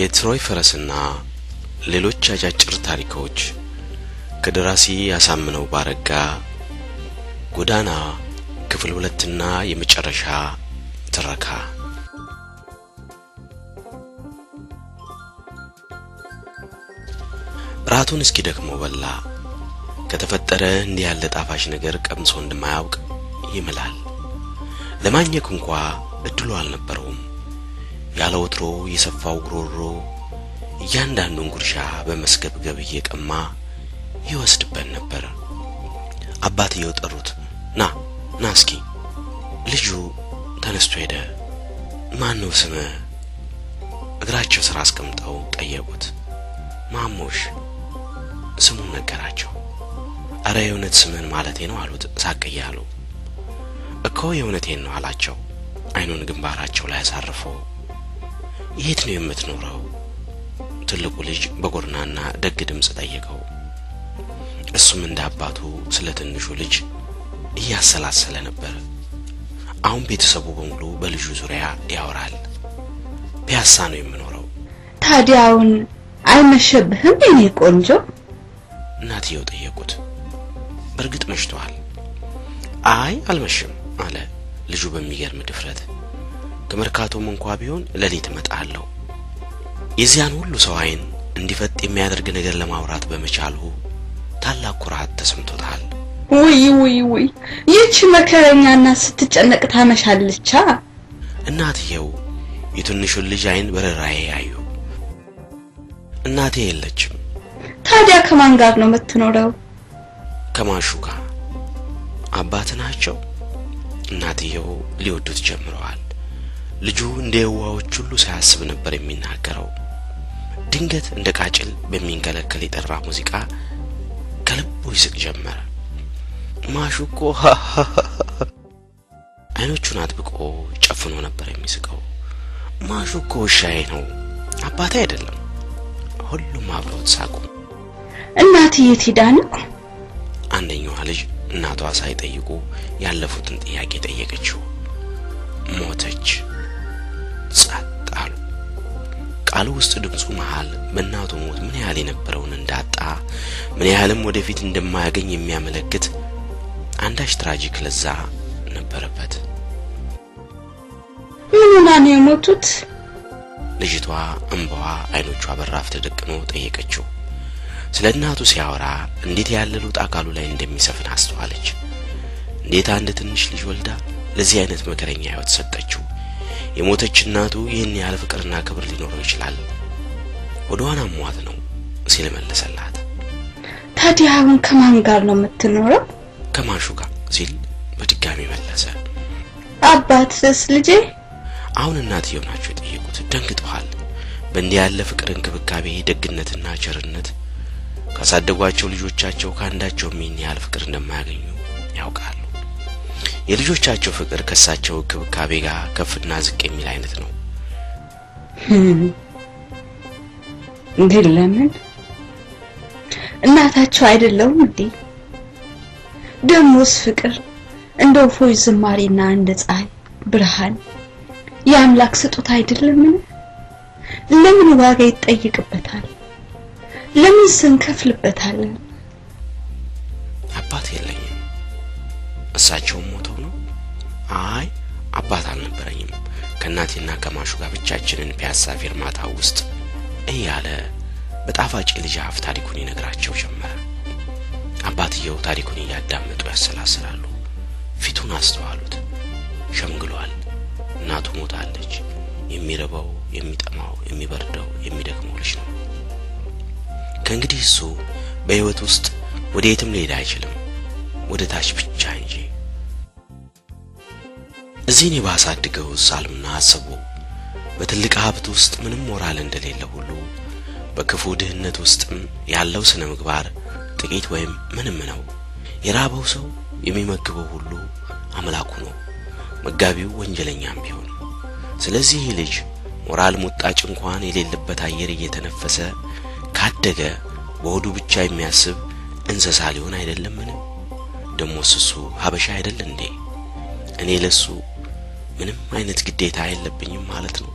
የትሮይ ፈረስና ሌሎች አጫጭር ታሪኮች ከደራሲ ያሳምነው ባረጋ ጎዳና ክፍል ሁለትና የመጨረሻ ትረካ። ራቱን እስኪ ደክሞ በላ። ከተፈጠረ እንዲህ ያለ ጣፋጭ ነገር ቀምሶ እንደማያውቅ ይምላል። ለማኘክ እንኳ እድሉ አልነበረውም። ያለ ወትሮ የሰፋው ጉሮሮ እያንዳንዱን ጉርሻ በመስገብገብ እየቀማ ይወስድበት ነበር። አባትየው ጠሩት፣ ና ና እስኪ። ልጁ ተነስቶ ሄደ። ማን ነው ስምህ? እግራቸው ስራ አስቀምጠው ጠየቁት። ማሞሽ ስሙን ነገራቸው። አረ የእውነት ስምን ማለቴ ነው አሉት ሳቀያሉ እኮ የእውነቴን ነው አላቸው አይኑን ግንባራቸው ላይ አሳርፈው የት ነው የምትኖረው? ትልቁ ልጅ በጎርናና ደግ ድምፅ ጠየቀው። እሱም እንደ አባቱ ስለ ትንሹ ልጅ እያሰላሰለ ነበር። አሁን ቤተሰቡ በሙሉ በልጁ ዙሪያ ያወራል። ፒያሳ ነው የምኖረው። ታዲያውን አይመሸብህም የኔ ቆንጆ? እናትየው ጠየቁት። በእርግጥ መሽተዋል። አይ አልመሽም አለ ልጁ በሚገርም ድፍረት። ከመርካቶም እንኳ ቢሆን ሌሊት እመጣለሁ። የዚያን ሁሉ ሰው አይን እንዲፈጥ የሚያደርግ ነገር ለማውራት በመቻሉ ታላቅ ኩራት ተሰምቶታል። ውይ ውይ ውይ ይህች መከረኛና ስትጨነቅ ታመሻለቻ። እናትየው የትንሹን ልጅ አይን በረራዬ ያዩ። እናቴ የለችም። ታዲያ ከማን ጋር ነው የምትኖረው? ከማሹ ጋር። አባት ናቸው። እናትየው ሊወዱት ጀምረዋል። ልጁ እንደ የዋዎች ሁሉ ሳያስብ ነበር የሚናገረው። ድንገት እንደ ቃጭል በሚንከለከል የጠራ ሙዚቃ ከልቡ ይስቅ ጀመረ። ማሹ እኮ አይኖቹን አጥብቆ ጨፍኖ ነበር የሚስቀው። ማሹ እኮ ውሻዬ ነው አባቴ አይደለም። ሁሉም አብረውት ሳቁ። እናት የት ነው? አንደኛዋ ልጅ እናቷ ሳይጠይቁ ያለፉትን ጥያቄ ጠየቀችው። ሞተች። ጸጥ አሉ። ቃሉ ውስጥ ድምፁ መሃል በእናቱ ሞት ምን ያህል የነበረውን እንዳጣ ምን ያህልም ወደፊት እንደማያገኝ የሚያመለክት አንዳች ትራጂክ ለዛ ነበረበት። ምንና ነው የሞቱት? ልጅቷ እንባዋ አይኖቿ በራፍ ተደቅኖ ጠየቀችው። ስለ እናቱ ሲያወራ እንዴት ያለ ለውጥ አካሉ ላይ እንደሚሰፍን አስተዋለች። እንዴት አንድ ትንሽ ልጅ ወልዳ ለዚህ አይነት መከረኛ ህይወት ሰጠችው። የሞተች እናቱ ይህን ያህል ፍቅርና ክብር ሊኖረው ይችላል? ወደ ኋላ ሟት ነው ሲል መለሰላት። ታዲያ አሁን ከማን ጋር ነው የምትኖረው? ከማሹ ጋር ሲል በድጋሚ መለሰ። አባትስ ልጄ? አሁን እናትየው ናቸው የጠየቁት። ደንግጠዋል። በእንዲህ ያለ ፍቅር፣ እንክብካቤ፣ ደግነትና ቸርነት ካሳደጓቸው ልጆቻቸው ከአንዳቸውም ይህን ያህል ፍቅር እንደማያገኙ ያውቃል። የልጆቻቸው ፍቅር ከሳቸው ክብካቤ ጋር ከፍና ዝቅ የሚል አይነት ነው። ግን ለምን እናታቸው አይደለውም እንዴ? ደሞስ ፍቅር እንደ ፎይ ዝማሬና እንደ ፀሐይ ብርሃን የአምላክ ስጦታ አይደለምን? ለምን ዋጋ ይጠይቅበታል? ለምን ስንከፍልበታለን? አባት የለኝም፣ እሳቸው? አይ አባት አልነበረኝም ከእናቴና ከማሹ ጋር ብቻችንን ፒያሳ ፌርማታ ውስጥ እያለ በጣፋጭ ልጅ አፍ ታሪኩን ይነግራቸው ጀመረ። አባትየው ታሪኩን እያዳመጡ ያሰላስላሉ። ፊቱን አስተዋሉት። ሸምግሏል። እናቱ ሞታለች። የሚርበው፣ የሚጠማው፣ የሚበርደው፣ የሚደክመው ልጅ ነው። ከእንግዲህ እሱ በሕይወት ውስጥ ወደ የትም ሊሄድ አይችልም፣ ወደ ታች ብቻ እንጂ እነዚህን የባሳድገው ሳልምና አሰቡ። በትልቅ ሀብት ውስጥ ምንም ሞራል እንደሌለ ሁሉ በክፉ ድህነት ውስጥም ያለው ስነ ምግባር ጥቂት ወይም ምንም ነው። የራበው ሰው የሚመግበው ሁሉ አምላኩ ነው፣ መጋቢው ወንጀለኛም ቢሆን። ስለዚህ ይህ ልጅ ሞራል ሙጣጭ እንኳን የሌለበት አየር እየተነፈሰ ካደገ በወዱ ብቻ የሚያስብ እንስሳ ሊሆን አይደለምን? ደሞስ ሀበሻ አይደል እንዴ? እኔ ለሱ ምንም አይነት ግዴታ የለብኝም ማለት ነው።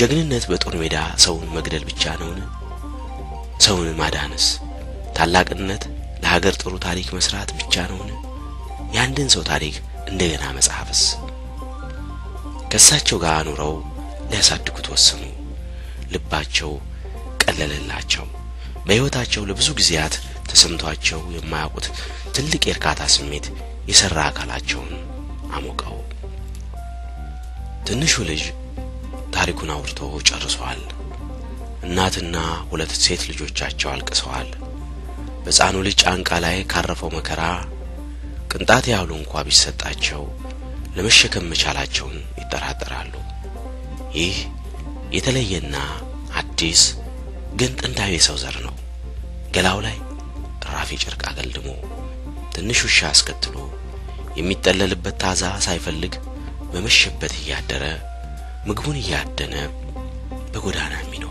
ጀግንነት በጦር ሜዳ ሰውን መግደል ብቻ ነውን? ሰውን ማዳነስ ታላቅነት ለሀገር ጥሩ ታሪክ መስራት ብቻ ነውን? የአንድን ሰው ታሪክ እንደገና መጻፍስ? ከእሳቸው ጋር አኑረው ሊያሳድጉት ወሰኑ። ልባቸው ቀለለላቸው። በሕይወታቸው ለብዙ ጊዜያት ተሰምቷቸው የማያውቁት ትልቅ የእርካታ ስሜት የሰራ አካላቸውን አሞቀው። ትንሹ ልጅ ታሪኩን አውርቶ ጨርሷል። እናትና ሁለት ሴት ልጆቻቸው አልቅሰዋል። በሕፃኑ ልጅ ጫንቃ ላይ ካረፈው መከራ ቅንጣት ያህሉ እንኳ ቢሰጣቸው ለመሸከም መቻላቸውን ይጠራጠራሉ። ይህ የተለየና አዲስ ግን ጥንታዊ የሰው ዘር ነው። ገላው ላይ ራፊ ጨርቅ አገልድሞ ትንሽ ውሻ አስከትሎ የሚጠለልበት ታዛ ሳይፈልግ በመሸበት እያደረ ምግቡን እያደነ በጎዳና የሚኖር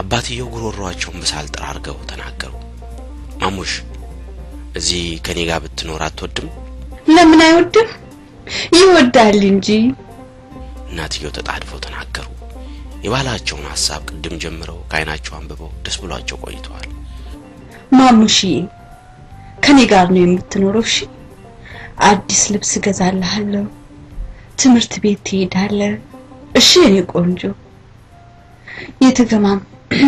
አባትየው ጉሮሯቸውን በሳል ጥራ ተናገሩ። ማሙሽ እዚህ ከኔ ጋር ብትኖር አትወድም? ለምን አይወድም? ይወዳል እንጂ እናትየው ተጣድፈው ተናገሩ። የባህላቸውን ሀሳብ ቅድም ጀምረው ከአይናቸው አንብበው ደስ ብሏቸው ቆይተዋል። ማሙሽ ከኔ ጋር ነው የምትኖረው? እሺ አዲስ ልብስ እገዛልሃለሁ፣ ትምህርት ቤት ትሄዳለህ። እሺ የኔ ቆንጆ። የተገማም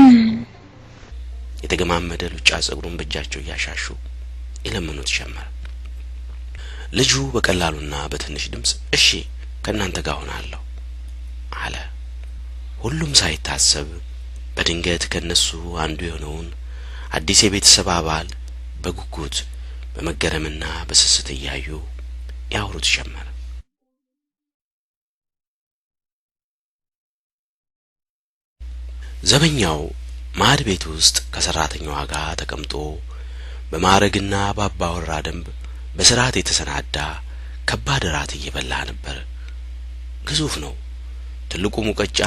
የተገማመደ ሉጫ ጸጉሩን በእጃቸው እያሻሹ ይለምኑት ጀመር። ልጁ በቀላሉና በትንሽ ድምፅ እሺ ከእናንተ ጋር ሆናለሁ አለ። ሁሉም ሳይታሰብ በድንገት ከነሱ አንዱ የሆነውን አዲስ የቤተሰብ አባል በጉጉት በመገረምና በስስት እያዩ ያወሩት ጀመር። ዘበኛው ማድ ቤት ውስጥ ከሰራተኛዋ ጋር ተቀምጦ በማረግና በአባወራ ደንብ በስርዓት የተሰናዳ ከባድ እራት እየበላ ነበር። ግዙፍ ነው። ትልቁ ሙቀጫ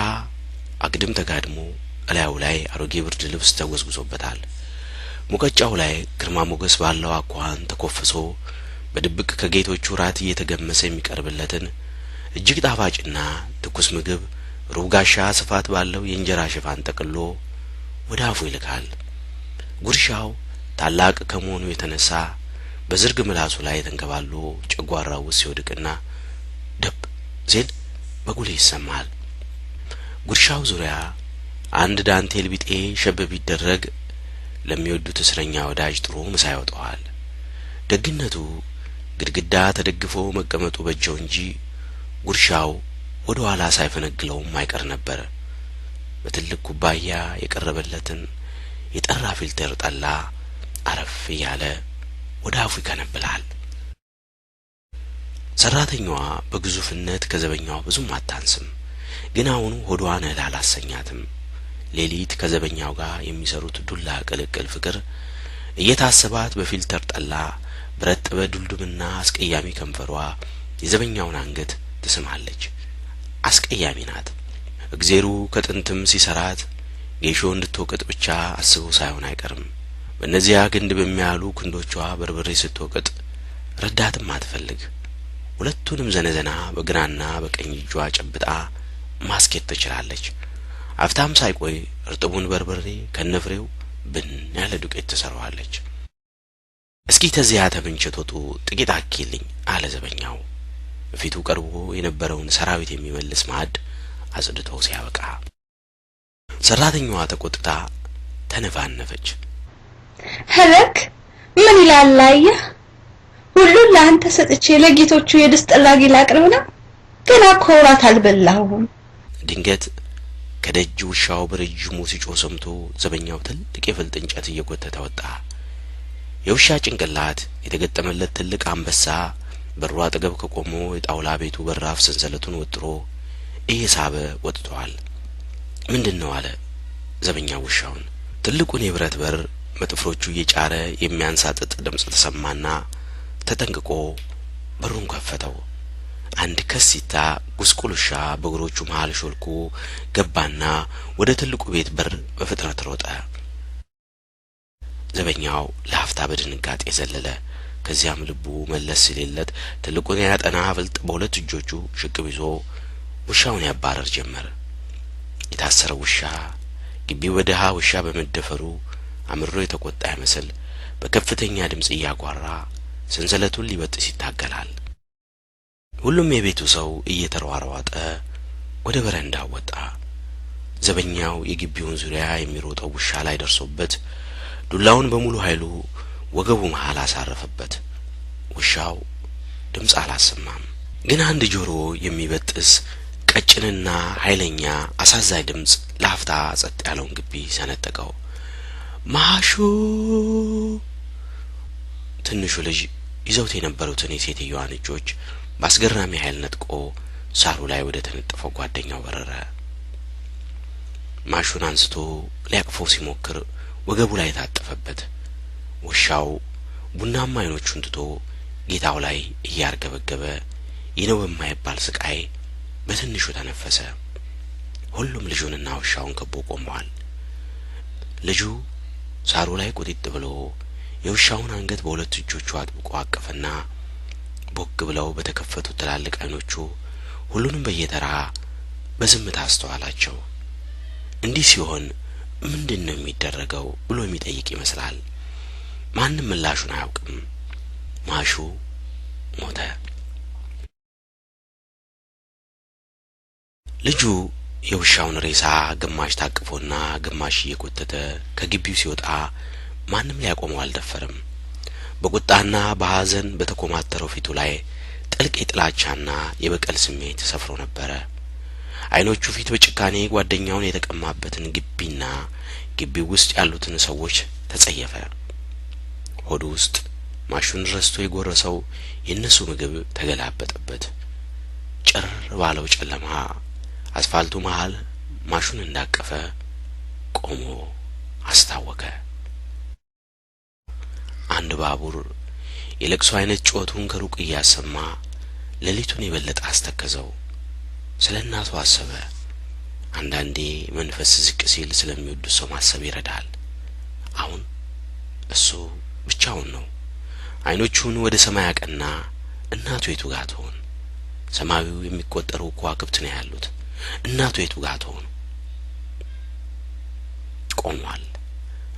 አግድም ተጋድሞ እላዩ ላይ አሮጌ ብርድ ልብስ ተጎዝጉዞበታል። ሙቀጫው ላይ ግርማ ሞገስ ባለው አኳኋን ተኮፍሶ በድብቅ ከጌቶቹ ራት እየተገመሰ የሚቀርብለትን እጅግ ጣፋጭና ትኩስ ምግብ ሩብጋሻ ስፋት ባለው የእንጀራ ሽፋን ጠቅሎ ወደ አፉ ይልካል። ጉርሻው ታላቅ ከመሆኑ የተነሳ በዝርግ ምላሱ ላይ ተንከባሎ ጨጓራው ውስጥ ሲወድቅና ደብ ዜል በጉልህ ይሰማል። ጉርሻው ዙሪያ አንድ ዳንቴል ቢጤ ሸብ ቢደረግ ለሚወዱት እስረኛ ወዳጅ ጥሩ ምሳ ያወጣዋል። ደግነቱ ግድግዳ ተደግፎ መቀመጡ በጀው እንጂ ጉርሻው ወደ ኋላ ሳይፈነግለውም አይቀር ነበር። በትልቅ ኩባያ የቀረበለትን የጠራ ፊልተር ጠላ አረፍ እያለ ወደ አፉ ይከነብላል። ሰራተኛዋ በግዙፍነት ከዘበኛዋ ብዙም አታንስም፣ ግን አሁኑ ሆዷን እህል አላሰኛትም። ሌሊት ከዘበኛው ጋር የሚሰሩት ዱላ ቅልቅል ፍቅር እየታሰባት በፊልተር ጠላ በረጠበ ዱልዱምና አስቀያሚ ከንፈሯ የዘበኛውን አንገት ትስማለች። አስቀያሚ ናት። እግዜሩ ከጥንትም ሲሰራት ጌሾ እንድትወቅጥ ብቻ አስቦ ሳይሆን አይቀርም። በእነዚያ ግንድ በሚያሉ ክንዶቿ በርበሬ ስትወቅጥ ረዳትም አትፈልግ። ሁለቱንም ዘነዘና በግራና በቀኝ እጇ ጨብጣ ማስኬት ትችላለች። አፍታም ሳይቆይ እርጥቡን በርበሬ ከነፍሬው ብን ያለ ዱቄት ትሰራዋለች። እስኪ ተዚያ ተምንችት ወጡ ጥቂት አኪልኝ አለ ዘበኛው ፊቱ ቀርቦ የነበረውን ሰራዊት የሚመልስ ማዕድ አጽድቶ ሲያበቃ። ሰራተኛዋ ተቆጥታ ተነፋነፈች። ህረክ ምን ይላል አየህ፣ ሁሉን ለአንተ ሰጥቼ ለጌቶቹ የድስት ጥራጊ ላቅርብ ነው፣ ገና ኮራት አልበላሁም። ድንገት ከደጅ ውሻው በረጅሙ ሲጮህ ሰምቶ ዘበኛው ትልቅ የፍልጥ እንጨት እየጎተተ ወጣ። የውሻ ጭንቅላት የተገጠመለት ትልቅ አንበሳ በሩ አጠገብ ከቆሞ የጣውላ ቤቱ በራፍ ሰንሰለቱን ወጥሮ እየሳበ ወጥቷል። ምንድን ነው አለ ዘበኛው ውሻውን። ትልቁን የብረት በር መጥፍሮቹ እየጫረ የሚያንሳጥጥ ድምፅ ተሰማና ተጠንቅቆ በሩን ከፈተው። አንድ ከሲታ ጉስቁልሻ በእግሮቹ መሀል ሾልኮ ገባና ወደ ትልቁ ቤት በር በፍጥነት ሮጠ። ዘበኛው ለሀፍታ በድንጋጤ ዘለለ። ከዚያም ልቡ መለስ ሲሌለት ትልቁን ያጠና አፍልጥ በሁለት እጆቹ ሽቅብ ይዞ ውሻውን ያባረር ጀመር። የታሰረ ውሻ ግቢው በድሀ ውሻ በመደፈሩ አምሮ የተቆጣ ይመስል በከፍተኛ ድምፅ እያጓራ ሰንሰለቱን ሊበጥስ ይታገላል። ሁሉም የቤቱ ሰው እየተሯሯጠ ወደ በረንዳ ወጣ። ዘበኛው የግቢውን ዙሪያ የሚሮጠው ውሻ ላይ ደርሶበት ዱላውን በሙሉ ኃይሉ ወገቡ መሃል አሳረፈበት። ውሻው ድምፅ አላሰማም፣ ግን አንድ ጆሮ የሚበጥስ ቀጭንና ኃይለኛ አሳዛኝ ድምፅ ለአፍታ ጸጥ ያለውን ግቢ ሰነጠቀው። ማሹ ትንሹ ልጅ ይዘውት የነበሩትን የሴትየዋን እጆች በአስገራሚ ኃይል ነጥቆ ሳሩ ላይ ወደ ተነጠፈው ጓደኛው በረረ። ማሹን አንስቶ ሊያቅፈው ሲሞክር ወገቡ ላይ የታጠፈበት ውሻው ቡናማ አይኖቹን ትቶ ጌታው ላይ እያርገበገበ ይነው በማይባል ስቃይ በትንሹ ተነፈሰ። ሁሉም ልጁንና ውሻውን ከቦ ቆመዋል። ልጁ ሳሩ ላይ ቁጢጥ ብሎ የውሻውን አንገት በሁለት እጆቹ አጥብቆ አቀፈና ቦግ ብለው በተከፈቱ ትላልቅ አይኖቹ ሁሉንም በየተራ በዝምታ አስተዋላቸው። እንዲህ ሲሆን ምንድን ነው የሚደረገው ብሎ የሚጠይቅ ይመስላል። ማንም ምላሹን አያውቅም። ማሹ ሞተ። ልጁ የውሻውን ሬሳ ግማሽ ታቅፎና ግማሽ እየጎተተ ከግቢው ሲወጣ ማንም ሊያቆመው አልደፈርም። በቁጣና በሀዘን በተኮማተረው ፊቱ ላይ ጥልቅ የጥላቻና የበቀል ስሜት ሰፍሮ ነበረ። አይኖቹ ፊት በጭካኔ ጓደኛውን የተቀማበትን ግቢና ግቢው ውስጥ ያሉትን ሰዎች ተጸየፈ። ሆዱ ውስጥ ማሹን ረስቶ የጎረሰው የእነሱ ምግብ ተገላበጠበት። ጭር ባለው ጨለማ አስፋልቱ መሃል ማሹን እንዳቀፈ ቆሞ አስታወከ። አንድ ባቡር የለቅሶ አይነት ጩኸቱን ከሩቅ እያሰማ ሌሊቱን የበለጠ አስተከዘው። ስለ እናቱ አሰበ። አንዳንዴ መንፈስ ዝቅ ሲል ስለሚወዱ ሰው ማሰብ ይረዳል። አሁን እሱ ብቻውን ነው። አይኖቹን ወደ ሰማይ አቀና። እናቱ የቱ ጋር ትሆን? ሰማዩ የሚቆጠሩ ከዋክብት ነው ያሉት። እናቱ የቱ ጋር ትሆን? ቆሟል።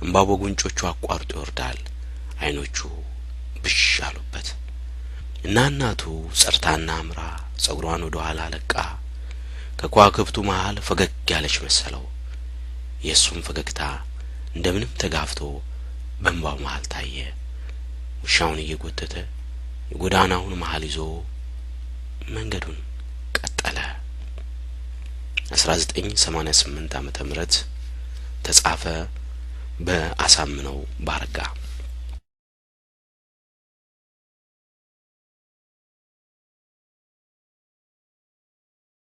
እምባቦ ጉንጮቹ አቋርጦ ይወርዳል። አይኖቹ ብሽ አሉበት እና እናቱ ጸርታና አምራ ጸጉሯን ወደ ኋላ ለቃ ከኳክብቱ መሃል ፈገግ ያለች መሰለው። የእሱም ፈገግታ እንደምንም ተጋፍቶ በእንባው መሃል ታየ። ውሻውን እየጎተተ የጎዳናውን መሃል ይዞ መንገዱን ቀጠለ። 1988 አመተ ምህረት ተጻፈ በአሳምነው ባርጋ።